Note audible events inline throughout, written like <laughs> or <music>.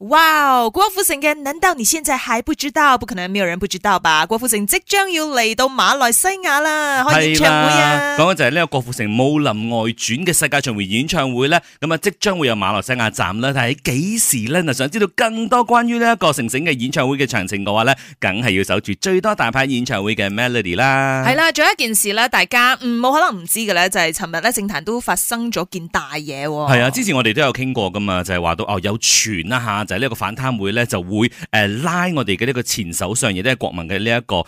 哇哦，郭富城嘅，難道你現在還不知道？不可能，沒有人不知道吧？郭富城即將要嚟到馬來西亞啦，開、啊、演唱會啊！講緊就係呢個郭富城《舞林外傳》嘅世界巡回演唱會咧，咁啊即將會有馬來西亞站啦，但係喺幾時咧？嗱，想知道更多關於呢個郭富城嘅演唱會嘅詳情嘅話咧，梗係要守住最多大牌演唱會嘅 Melody 啦。係啦、啊，仲有一件事咧，大家嗯冇可能唔知嘅咧，就係尋日咧政壇都發生咗件大嘢。係啊，之前我哋都有傾過噶嘛，就係、是、話到哦有傳啦吓。就係呢一個反貪會咧，就會誒拉我哋嘅呢個前首相，亦都係國民嘅呢一個誒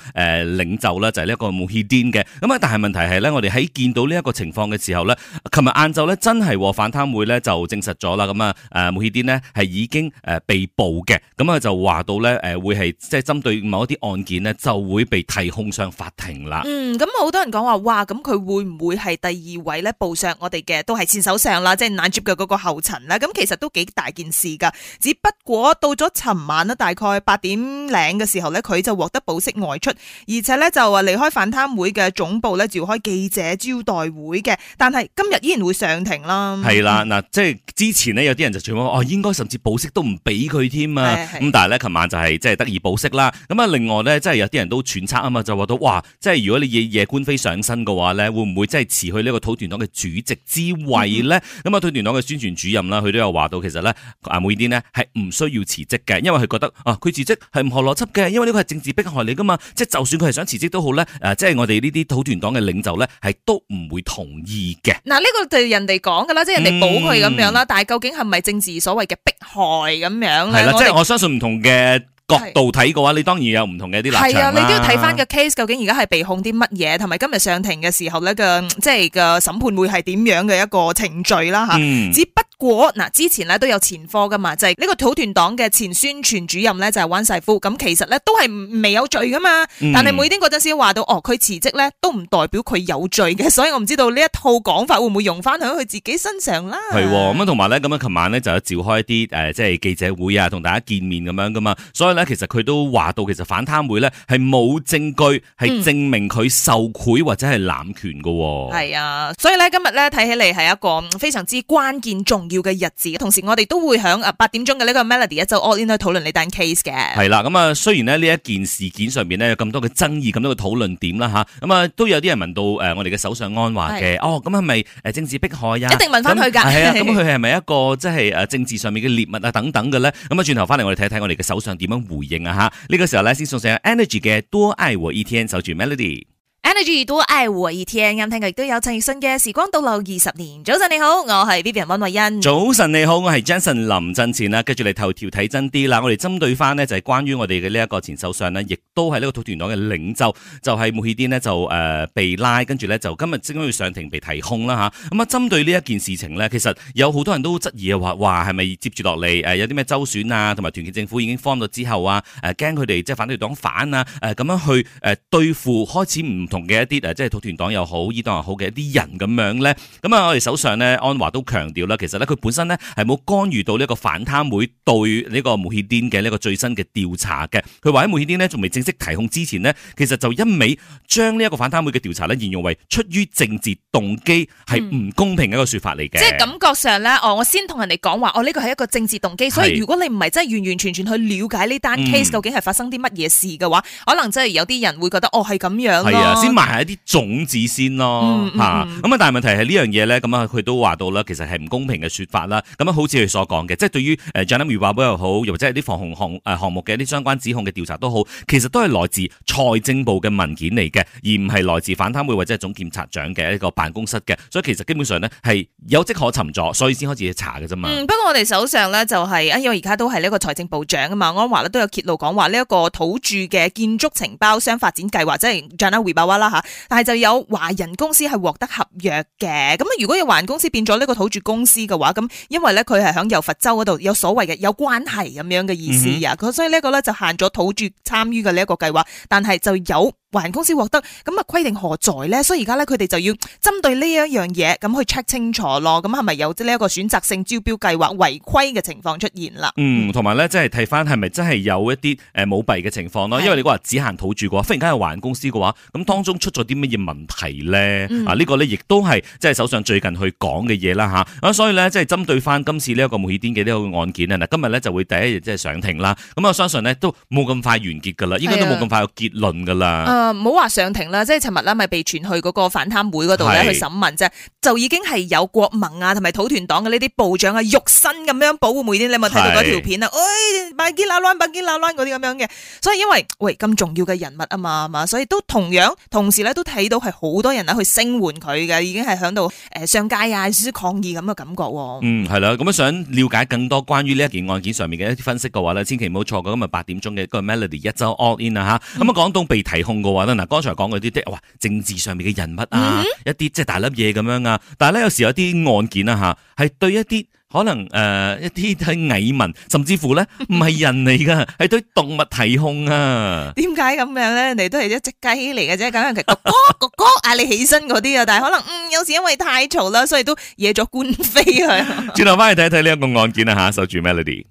領袖啦，就係呢一個慕尤丁嘅。咁啊，但係問題係咧，我哋喺見到呢一個情況嘅時候咧，琴日晏晝咧真係反貪會咧就證實咗啦。咁啊誒慕尤丁咧係已經誒被捕嘅。咁啊就話到咧誒會係即係針對某一啲案件呢，就會被提控上法庭啦。嗯，咁、嗯、好多人講話哇，咁佢會唔會係第二位咧步上我哋嘅都係前首相啦，即係納吉嘅嗰個後塵啦。咁其實都幾大件事噶，只。不過到咗尋晚咧，大概八點零嘅時候咧，佢就獲得保釋外出，而且咧就話離開反貪會嘅總部咧，召開記者招待會嘅。但係今日依然會上庭啦，嗯。係啦，嗱，即係之前呢，有啲人就全部哦，應該甚至保釋都唔俾佢添啊。咁但係咧，琴晚就係即係得以保釋啦。咁啊，另外咧，即係有啲人都揣測啊嘛，就話到哇，即係如果你夜夜官非上身嘅話咧，會唔會即係辭去呢個土團黨嘅主席之位咧？咁啊，土團黨嘅宣傳主任啦，佢都有話到，其實咧阿梅姨呢係。唔需要辭職嘅，因為佢覺得啊，佢辭職係唔合邏輯嘅，因為呢個係政治迫害嚟噶嘛。即係就算佢係想辭職都好咧，誒，即係我哋呢啲土團黨嘅領袖咧，係都唔會同意嘅。嗱，呢個就人哋講噶啦，即係人哋保佢咁樣啦。但係究竟係咪政治所謂嘅迫害咁樣咧？係啦，即係我相信唔同嘅角度睇嘅話，你當然有唔同嘅一啲立場啦。係啊，你都要睇翻個 case 究竟而家係被控啲乜嘢，同埋今日上庭嘅時候咧嘅，即係個審判會係點樣嘅一個程序啦嚇。嗯，只不。果嗱，之前咧都有前科噶嘛，就係呢個土團黨嘅前宣傳主任咧就係温世夫，咁其實咧都係未有罪噶嘛、嗯，但係每丁嗰陣時先話到，哦佢辭職咧都唔代表佢有罪嘅，所以我唔知道呢一套講法會唔會用翻響佢自己身上啦、嗯。係咁同埋咧咁啊，琴晚咧就有召開一啲誒，即係記者會啊，同大家見面咁樣噶嘛，所以咧其實佢都話到，其實反貪會咧係冇證據係證明佢受賄或者係濫權噶。係啊，所以咧今日咧睇起嚟係一個非常之關鍵重點。要嘅日子，同時我哋都會響啊八點鐘嘅呢個 melody 啊，就 all in 去討論呢單 case 嘅。係啦，咁啊雖然咧呢一件事件上面咧有咁多嘅爭議，咁多嘅討論點啦吓，咁啊都有啲人問到誒，我哋嘅首相安華嘅，哦，咁係咪誒政治迫害啊？一定問翻佢噶，係啊，咁佢係咪一個即係誒政治上面嘅獵物啊等等嘅咧？咁啊轉頭翻嚟，我哋睇睇我哋嘅首相點樣回應啊吓。呢個時候咧先送上 energy 嘅多愛和 ETN 守住 melody。N G 都 I 和 E T N，咁聽日亦都有陳奕迅嘅《時光倒流二十年》早。早晨你好，我係 Vivian 溫慧欣。早晨你好，我係 Jason 林振前啦。跟住嚟頭條睇真啲啦。我哋針對翻呢，就係關於我哋嘅呢一個前首相呢，亦都係呢個土團黨嘅領袖，就係穆希丁呢，就誒被拉，跟住咧就今日即將要上庭被提控啦吓。咁啊，針對呢一件事情呢，其實有好多人都質疑嘅話，話係咪接住落嚟誒有啲咩州選啊，同埋團結政府已經慌咗之後啊，誒驚佢哋即係反對黨反啊，誒咁樣去誒對付開始唔同。同嘅一啲即係土團黨又好、伊黨又好嘅一啲人咁樣咧，咁啊，我哋手上咧，安華都強調啦，其實咧，佢本身咧係冇干預到呢個反貪會對呢個慕尤丁嘅呢個最新嘅調查嘅。佢話喺慕尤丁呢，仲未正式提控之前呢，其實就一味將呢一個反貪會嘅調查咧，形容為出於政治動機係唔、嗯、公平嘅一個說法嚟嘅。即係感覺上咧，哦，我先同人哋講話，我呢個係一個政治動機，所以如果你唔係真係完完全全去了解呢單 case 究竟係發生啲乜嘢事嘅話，可能真係有啲人會覺得哦係咁樣先埋係一啲種子先咯嚇、嗯、咁、嗯、啊、嗯，但係問題係呢樣嘢咧，咁啊，佢都話到啦，其實係唔公平嘅説法啦。咁啊，好似佢所講嘅，即係對於誒 Jana Wibawa 又好，又或者係啲防洪項誒項目嘅一啲相關指控嘅調查都好，其實都係來自財政部嘅文件嚟嘅，而唔係來自反貪會或者係總檢察長嘅一個辦公室嘅。所以其實基本上呢，係有跡可尋咗，所以先開始去查嘅啫嘛。不過我哋手上咧就係、是、因為而家都係呢個財政部長啊嘛，安華咧都有揭露講話呢一個土著嘅建築承包商發展計劃，即係 Jana Wibawa。啦吓，但係就有華人公司係獲得合約嘅，咁啊，如果有華人公司變咗呢個土著公司嘅話，咁因為咧佢係響柔佛州嗰度有所謂嘅有關係咁樣嘅意思啊，咁、嗯、所以呢一個咧就限咗土著參與嘅呢一個計劃，但係就有。華人公司獲得，咁啊，規定何在咧？所以而家咧佢哋就要針對呢一樣嘢咁去 check 清楚咯。咁係咪有呢一個選擇性招標計劃違規嘅情況出現啦？嗯，同埋咧即係睇翻係咪真係有一啲誒、呃、舞弊嘅情況咯。因為你話只限土著嘅話，忽然間係華人公司嘅話，咁當中出咗啲乜嘢問題咧、嗯？啊、這個、呢個咧亦都係即係手上最近去講嘅嘢啦吓。咁、啊、所以咧即係針對翻今次呢、這、一個慕尤丁嘅呢個案件啊嗱，今日咧就會第一日即係上庭啦。咁、啊、我相信咧都冇咁快完結噶啦，應該都冇咁快有結論噶啦。誒，唔好話上庭啦，即係尋日啦，咪被傳去嗰個反貪會嗰度咧去審問啫，就已經係有國盟啊，同埋土團黨嘅呢啲部長啊，肉身咁樣保護每啲，你咪睇到嗰條片啊？誒，扮見拉拉，扮見拉拉嗰啲咁樣嘅，所以因為喂咁重要嘅人物啊嘛，係嘛，所以都同樣同時咧都睇到係好多人去聲援佢嘅，已經係響度誒上街啊，少少抗議咁嘅感覺。嗯，係啦，咁想了解更多關於呢一件案件上面嘅一啲分析嘅話咧，千祈唔好錯過今日八點鐘嘅一個 Melody 一周 all in 啊、嗯、吓。咁啊，講到被提控嘅話咧，嗱，剛才講嗰啲啲，哇，政治上面嘅人物啊，mm-hmm. 一啲即係大粒嘢咁樣啊，但係咧有時候有啲案件啊，吓，係對一啲可能誒、呃，一啲睇蟻民，甚至乎咧唔係人嚟噶，係 <laughs> 對動物體控啊。點解咁樣咧？你都係一隻雞嚟嘅啫，咁樣其實哥哥哥哥嗌你起身嗰啲啊，但係可能嗯，有時候因為太嘈啦，所以都惹咗官非啊。轉頭翻去睇睇呢一個案件啦、啊、吓，守住 Melody。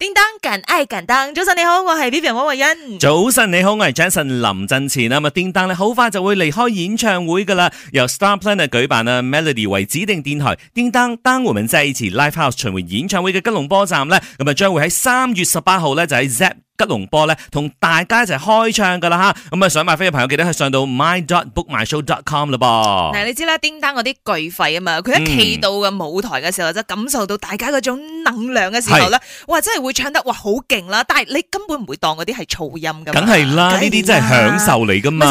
叮噹敢愛敢當，早晨你好，我係 Vivian 王慧欣。早晨你好，我係 Jackson 林振前啊！咪叮噹咧，好快就會離開演唱會噶啦，由 Star Planner 舉辦啊，Melody 為指定電台。叮噹單活名制，當我們再一次 Live House 巡迴演唱會嘅吉隆坡站咧，咁啊將會喺三月十八號咧就喺 z 吉隆坡咧，同大家一齊開唱噶啦吓，咁啊想買飛嘅朋友記得去上到 my dot bookmyshow dot com 啦噃。嗱，你知啦，叮當嗰啲巨肺啊嘛，佢一企到嘅舞台嘅時候，就感受到大家嗰種能量嘅時候咧，哇真係會唱得哇好勁啦！但係你根本唔會當嗰啲係噪音噶。梗係啦，呢啲真係享受嚟噶嘛。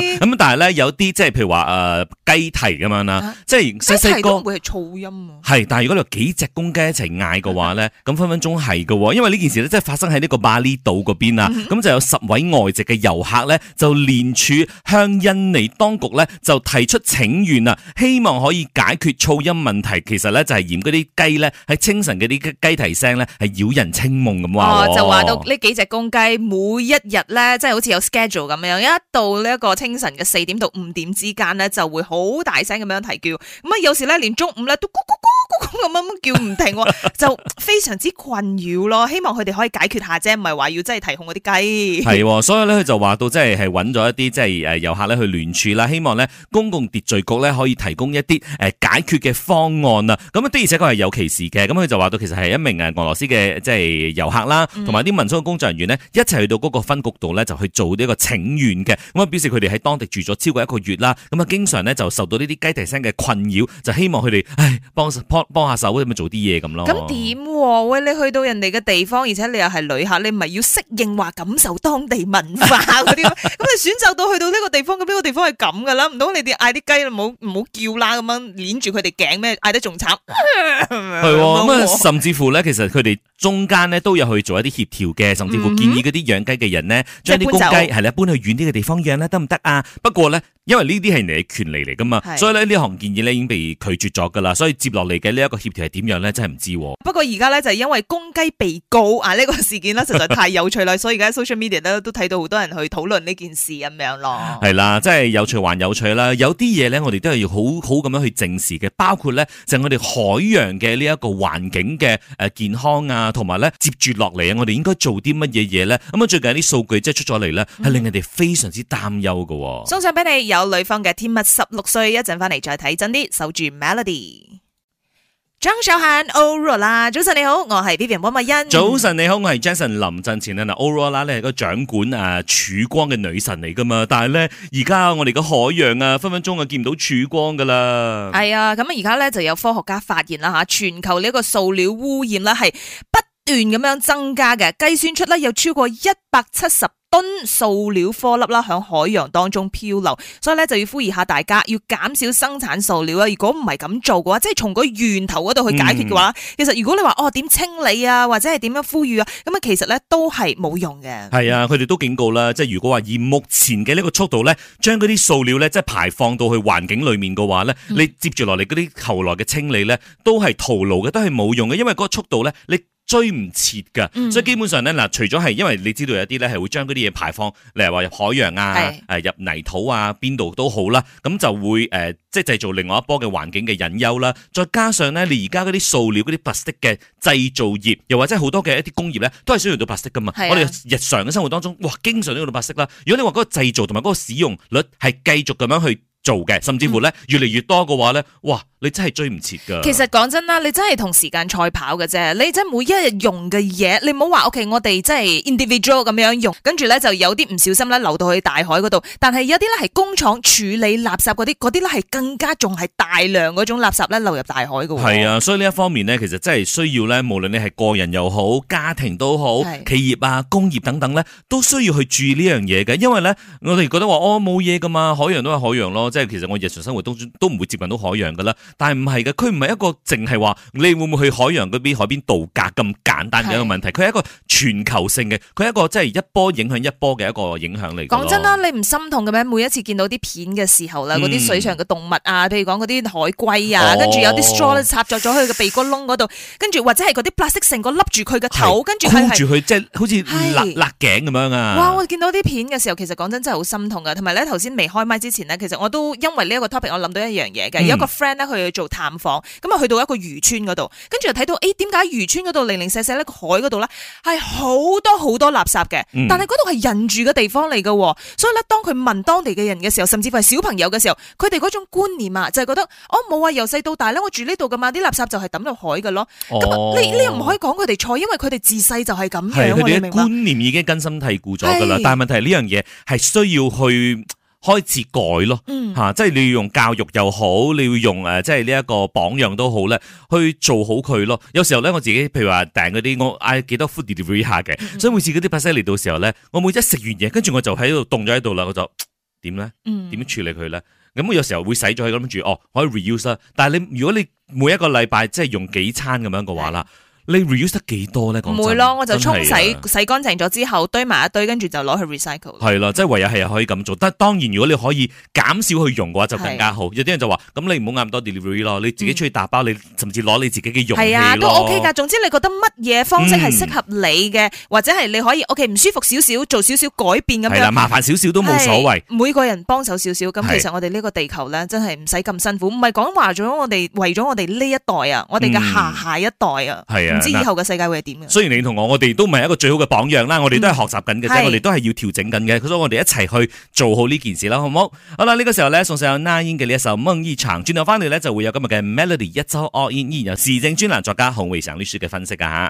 咁但係咧有啲即係譬如話誒雞啼咁樣啊，即係雞啼都唔會係噪音啊。係，但係如果你有幾隻公雞一齊嗌嘅話咧，咁分分鐘係噶，因為呢件事咧即係發生喺呢個巴厘島。島嗰邊啊，咁就有十位外籍嘅遊客咧，就聯署向印尼當局咧，就提出請願啊，希望可以解決噪音問題。其實咧就係嫌嗰啲雞咧喺清晨嘅啲雞啼聲咧係擾人清夢咁話。就話到呢幾隻公雞，每一日咧即係好似有 schedule 咁樣，一到呢一個清晨嘅四點到五點之間咧，就會好大聲咁樣啼叫。咁啊有時咧連中午咧都咕咕咕咕咁咁樣叫唔停，就非常之困擾咯。希望佢哋可以解決下啫，唔係話要。即係提控嗰啲雞，係，所以咧佢就話到即係係揾咗一啲即係誒遊客咧去聯署啦，希望咧公共秩序局咧可以提供一啲解決嘅方案啦，咁的而且確係有其事嘅。咁佢就話到其實係一名誒俄羅斯嘅即係遊客啦，同埋啲民宿嘅工作人員呢，一齊去到嗰個分局度咧就去做呢個請願嘅。咁啊表示佢哋喺當地住咗超過一個月啦，咁啊經常咧就受到呢啲雞啼聲嘅困擾，就希望佢哋唉幫幫下手做啲嘢咁咯。咁點餵、嗯、你去到人哋嘅地方，而且你又係旅客，你咪要？適應，話感受當地文化嗰啲，咁 <laughs> 你選擇到去到呢個地方，咁呢個地方係咁噶啦，唔通你哋嗌啲雞唔好唔好叫啦，咁樣捏住佢哋頸咩？嗌得仲慘係咁啊！甚至乎咧，其實佢哋中間咧都有去做一啲協調嘅，甚至乎建議嗰啲養雞嘅人咧，將啲公雞係啦搬去遠啲嘅地方養咧，得唔得啊？不過咧。因為呢啲係你嘅權利嚟噶嘛，所以咧呢項建議咧已經被拒絕咗噶啦，所以接落嚟嘅呢一個協調係點樣咧，真係唔知道。不過而家呢，就係因為公雞被告啊呢、這個事件呢實在太有趣啦， <laughs> 所以而家 social media 咧都睇到好多人去討論呢件事咁樣咯。係啦，真係有趣還有趣啦，有啲嘢呢，我哋都係要好好咁樣去正視嘅，包括呢，就係我哋海洋嘅呢一個環境嘅誒健康啊，同埋呢接住落嚟我哋應該做啲乜嘢嘢呢。咁啊最近啲數據即係出咗嚟呢，係令人哋非常之擔憂嘅。送、嗯、俾你有。有女方嘅天物十六歲，一陣翻嚟再睇真啲，守住 Melody。張韶涵 Ora 啦，Aurora，早晨你好，我係 Baby 汪慧欣。早晨你好，我係 Jason。臨陣前啊，嗱 Aurora 咧係個掌管啊，曙光嘅女神嚟噶嘛，但係咧而家我哋嘅海洋啊，分分鐘啊見唔到曙光噶啦。係、哎、啊，咁啊而家咧就有科學家發現啦吓，全球呢一個塑料污染啦係不斷咁樣增加嘅，計算出咧有超過一百七十。噸塑料顆粒啦，響海洋當中漂流，所以咧就要呼籲下大家要減少生產塑料啊。如果唔係咁做嘅話，即係從個源頭嗰度去解決嘅話，嗯、其實如果你話哦點清理啊，或者係點樣呼籲啊，咁啊其實咧都係冇用嘅。係啊，佢哋都警告啦，即係如果話以目前嘅呢個速度咧，將嗰啲塑料咧即係排放到去環境裏面嘅話咧，嗯、你接住落嚟嗰啲後來嘅清理咧，都係徒勞嘅，都係冇用嘅，因為嗰個速度咧你。追唔切噶，所以基本上咧，嗱，除咗係因為你知道有啲咧係會將嗰啲嘢排放，例如話入海洋啊，係誒入泥土啊，邊度都好啦，咁就會誒即係製造另外一波嘅環境嘅隱憂啦。再加上咧，你而家嗰啲塑料嗰啲白色嘅製造業，又或者好多嘅一啲工業咧，都係需要用到白色噶嘛、啊。我哋日常嘅生活當中，哇，經常都用到白色啦。如果你話嗰個製造同埋嗰個使用率係繼續咁樣去。做嘅，甚至乎咧越嚟越多嘅話咧、嗯，哇！你真係追唔切噶。其實講真啦，你真係同時間賽跑嘅啫。你真係每一日用嘅嘢，你唔好話 OK，我哋真係 individual 咁樣用，跟住咧就有啲唔小心咧流到去大海嗰度。但係有啲咧係工廠處理垃圾嗰啲，嗰啲咧係更加仲係大量嗰種垃圾咧流入大海嘅。係啊，所以呢一方面咧，其實真係需要咧，無論你係個人又好，家庭都好，企業啊、工業等等咧，都需要去注意呢樣嘢嘅。因為咧，我哋覺得話哦，冇嘢噶嘛，海洋都係海洋咯。即係其實我日常生活都都唔會接近到海洋噶啦，但係唔係嘅，佢唔係一個淨係話你會唔會去海洋嗰邊海邊度假咁簡單嘅一個問題，佢係一個全球性嘅，佢係一個即係一波影響一波嘅一個影響力。講真啦，你唔心痛嘅咩？每一次見到啲片嘅時候啦，嗰、嗯、啲水上嘅動物啊，譬如講嗰啲海龜啊，跟住有啲 straw 插著咗佢嘅鼻哥窿嗰度，跟住或者係嗰啲白色成個笠住佢嘅頭，跟住箍住佢即係好似勒頸咁樣啊！哇！我見到啲片嘅時候，其實講真真係好心痛嘅，同埋咧頭先未開麥之前呢，其實我都。都因為呢一,一個 topic，我諗到一樣嘢嘅。有個 friend 咧，佢去做探訪，咁、嗯、啊去到一個漁村嗰度，跟住又睇到誒，點解漁村嗰度零零舍舍咧個海嗰度咧係好多好多垃圾嘅？嗯、但係嗰度係人住嘅地方嚟嘅，所以咧，當佢問當地嘅人嘅時候，甚至乎係小朋友嘅時候，佢哋嗰種觀念、哦、啊，就係覺得哦，冇啊，由細到大咧，我住呢度噶嘛，啲垃圾就係抌落海嘅咯。咁、哦、你呢呢又唔可以講佢哋錯，因為佢哋自細就係咁樣嘅觀念已經根深蒂固咗噶啦。但係問題係呢樣嘢係需要去。開始改咯，吓、嗯，即係你要用教育又好，你要用誒，即係呢一個榜樣都好咧，去做好佢咯。有時候咧，我自己譬如話訂嗰啲，我嗌幾多 food delivery 下嘅，所以每次嗰啲拍西嚟到時候咧，我每一食完嘢，跟住我就喺度凍咗喺度啦，我就點咧？點、嗯、處理佢咧？咁我有時候會洗咗佢咁住，哦，可以 reuse 啦。但係你如果你每一個禮拜即係用幾餐咁樣嘅話啦。嗯嗯你 reuse 得幾多咧？唔會咯，我就沖洗、啊、洗乾淨咗之後堆埋一堆，跟住就攞去 recycle 了了。係啦，即係唯有係可以咁做。但當然如果你可以減少去用嘅話就更加好。有啲人就話，咁你唔好咁多 delivery 咯，你自己出去打包，嗯、你甚至攞你自己嘅容器咯。係啊，都 OK 噶總之你覺得乜嘢方式係適合你嘅，嗯、或者係你可以 OK 唔舒服少少，做少少改變咁樣。係啦，麻煩少少都冇所謂。每個人幫手少少咁，其實我哋呢個地球咧真係唔使咁辛苦。唔係講話咗我哋為咗我哋呢一代啊，我哋嘅下下一代啊。嗯唔知以後嘅世界會係點樣？雖然你同我，我哋都唔係一個最好嘅榜樣啦，我哋都係學習緊嘅啫，我哋都係要調整緊嘅，所以我哋一齊去做好呢件事啦，好唔好？好啦，呢個時候咧，送上那英嘅呢一首《夢一場》，轉頭翻嚟咧就會有今日嘅 Melody 一周 all in，然後時政專欄作家洪偉祥呢書嘅分析噶吓。